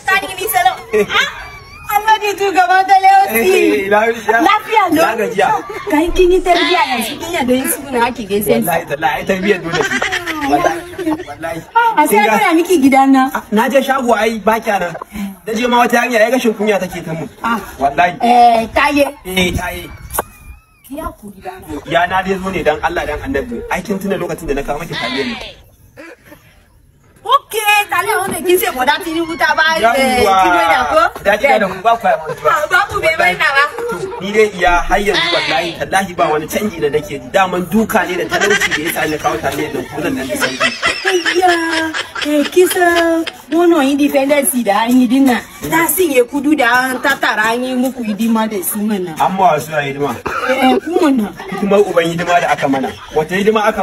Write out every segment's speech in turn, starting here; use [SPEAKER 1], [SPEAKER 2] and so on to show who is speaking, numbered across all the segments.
[SPEAKER 1] Sani ni salo. Amadi tu gaba da lewasi. Lafiya lo. Na gajiya. Kai kin yi tarbiya yanzu kin yadda yin suna haki gaisa. Wallahi tallahi tarbiya dole. Ah, wallahi. A ah, sai miki gidana. Ah, na je shago ai ba kyanan. Da je ma wata hanya ya gashin kunya take ta mu. Wallahi. Eh taye. Eh, ya na dai zo ne dan Allah dan annabi. Ai kin tuna lokacin da na kawo miki kallon. kale wanda kin ce kwada ta wuta ba eh, kino da ko da kina da ba ku ah, ba ku bai bai na ba ni dai iya har yanzu wallahi tallahi ba wani canji da nake ji daman duka ne da talauci da yasa ni kawo tare da kullun nan da sai ya eh kisa mono independence da an yi dinna ta sinye kudu da an tattara an yi muku hidima da su mana amma wasu hidima eh kuma kuma uban hidima da aka mana wata hidima aka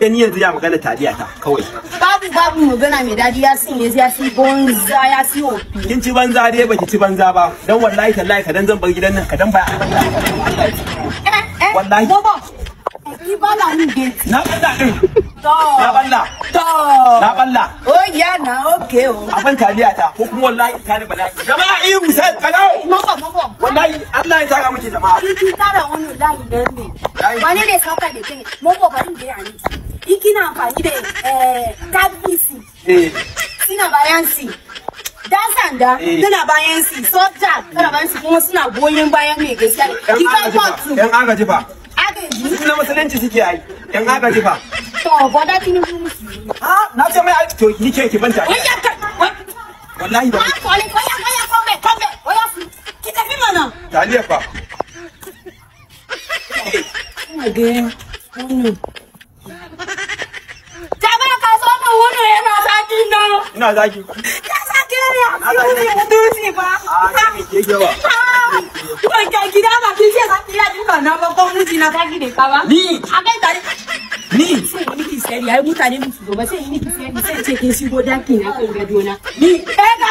[SPEAKER 1] da ni yanzu ya magana taliya ta kawai babu babu magana mai dadi ya sin ya fi banza ya fi ofi kin ci banza dai baki ci banza ba dan wallahi tallahi ka dan zan bar gidan nan ka dan ba eh, eh, wallahi baba ni ba la ni gate na balla din na balla to na balla oh ya na okay oh abin taliya ta ko kuma wallahi ta da bala'i jama'a ihu eh, sai kalau wallahi Allah ya saka miki jama'a ki d'a wani wallahi dan ne wani ne saka da kai mun kokarin da yani in kina amfani da eh kabisi eh kina bayan si dan sanda tana eh. bayan si soja tana bayan si kuma suna goyon bayan mai gaskiya ki ka kwatu yan agaji fa agaji na musulunci suke ai yan agaji fa to gwada kini musulunci ah na ce mai to ni ke ki banta wallahi ba ko ne ko ya ko ya ko me ko me ko ya ki tafi mana taliya fa na gaya wannan jama'a ka so ka wuni yana zaki na ina zaki ka zaki ne a cikin da dutse ka ke gewa to ka duka na ba ko miji na zaki ne ka ba ni a kai tare ni sai ni ki sai ya mutane musu gobe sai ni ki sai sai ce ke shigo daki na na ni eh ka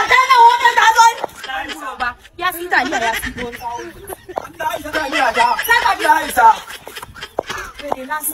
[SPEAKER 1] tana 对，那是。